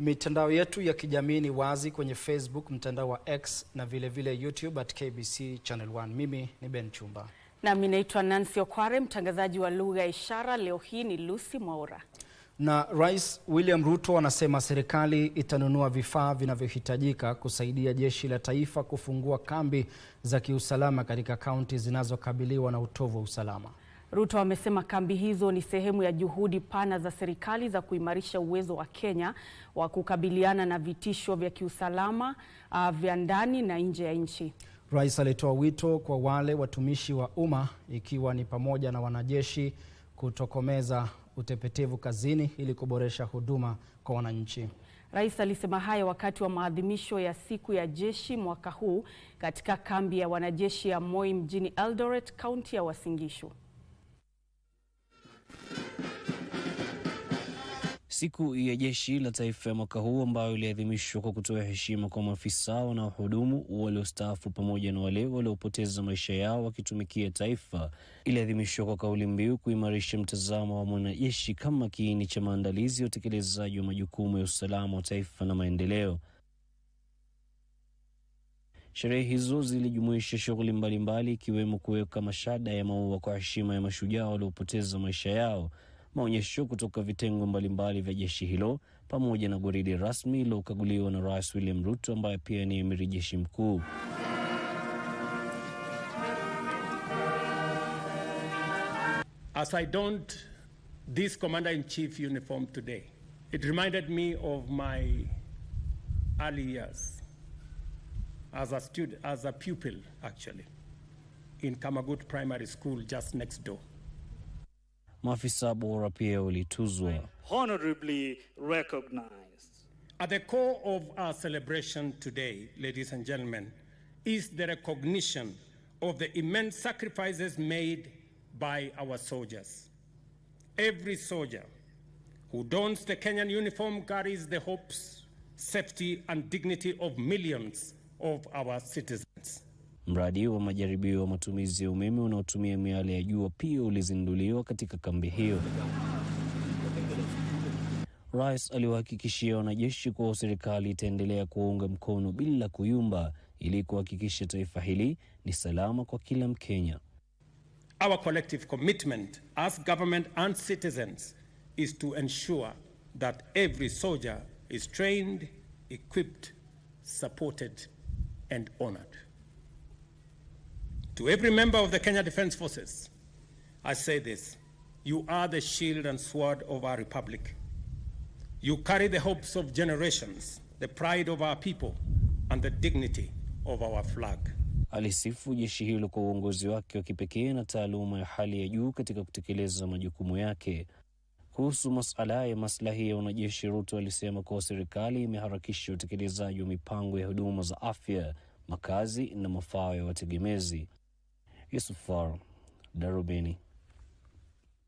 Mitandao yetu ya kijamii ni wazi kwenye Facebook, mtandao wa X na vilevile vile YouTube at KBC Channel 1. Mimi ni Ben Chumba nami naitwa Nancy Okware, mtangazaji wa lugha ya ishara. Leo hii ni Lucy Mwaura na Rais William Ruto anasema serikali itanunua vifaa vinavyohitajika kusaidia jeshi la taifa kufungua kambi za kiusalama katika kaunti zinazokabiliwa na utovu wa usalama. Ruto amesema kambi hizo ni sehemu ya juhudi pana za serikali za kuimarisha uwezo wa Kenya wa kukabiliana na vitisho vya kiusalama uh, vya ndani na nje ya nchi. Rais alitoa wito kwa wale watumishi wa umma ikiwa ni pamoja na wanajeshi kutokomeza utepetevu kazini ili kuboresha huduma kwa wananchi. Rais alisema haya wakati wa maadhimisho ya siku ya jeshi mwaka huu katika kambi ya wanajeshi ya Moi mjini Eldoret, kaunti ya Uasin Gishu. Siku ya Jeshi la Taifa ya mwaka huu ambayo iliadhimishwa kwa kutoa heshima kwa maafisa wanaohudumu waliostaafu pamoja na wale waliopoteza maisha yao wakitumikia taifa, iliadhimishwa kwa kauli mbiu kuimarisha mtazamo wa mwanajeshi kama kiini cha maandalizi ya utekelezaji wa majukumu ya usalama wa taifa na maendeleo. Sherehe hizo zilijumuisha shughuli mbalimbali ikiwemo kuweka mashada ya maua kwa heshima ya mashujaa waliopoteza maisha yao maonyesho kutoka vitengo mbalimbali vya jeshi hilo pamoja na gwaridi rasmi iliyokaguliwa na Rais William Ruto ambaye pia ni amiri jeshi mkuu. As I donned this commander in chief uniform today, it reminded me of my early years as a student, as a pupil actually in Kamagut Primary School just next door maafisa bora pia walituzwa. Honorably recognized. At the core of our celebration today, ladies and gentlemen, is the recognition of the immense sacrifices made by our soldiers. Every soldier who dons the Kenyan uniform carries the hopes, safety and dignity of millions of our citizens. Mradi wa majaribio wa matumizi ya umeme unaotumia miale ya jua pia ulizinduliwa katika kambi hiyo. Rais aliwahakikishia wanajeshi kuwa serikali itaendelea kuwaunga mkono bila kuyumba ili kuhakikisha taifa hili ni salama kwa kila Mkenya. Our collective commitment as government and citizens is to ensure that every soldier is trained, equipped, supported and honored. To every member of the Kenya Defence Forces, I say this you are the shield and sword of our republic. You carry the hopes of generations, the pride of our people, and the dignity of our flag. Alisifu jeshi hilo kwa uongozi wake wa kipekee na taaluma ya hali ya juu katika kutekeleza majukumu yake. Kuhusu masuala ya maslahi ya wanajeshi, Ruto alisema kuwa serikali imeharakisha utekelezaji wa mipango ya huduma za afya, makazi na mafao ya wategemezi. Yusuf Faro, Darubini.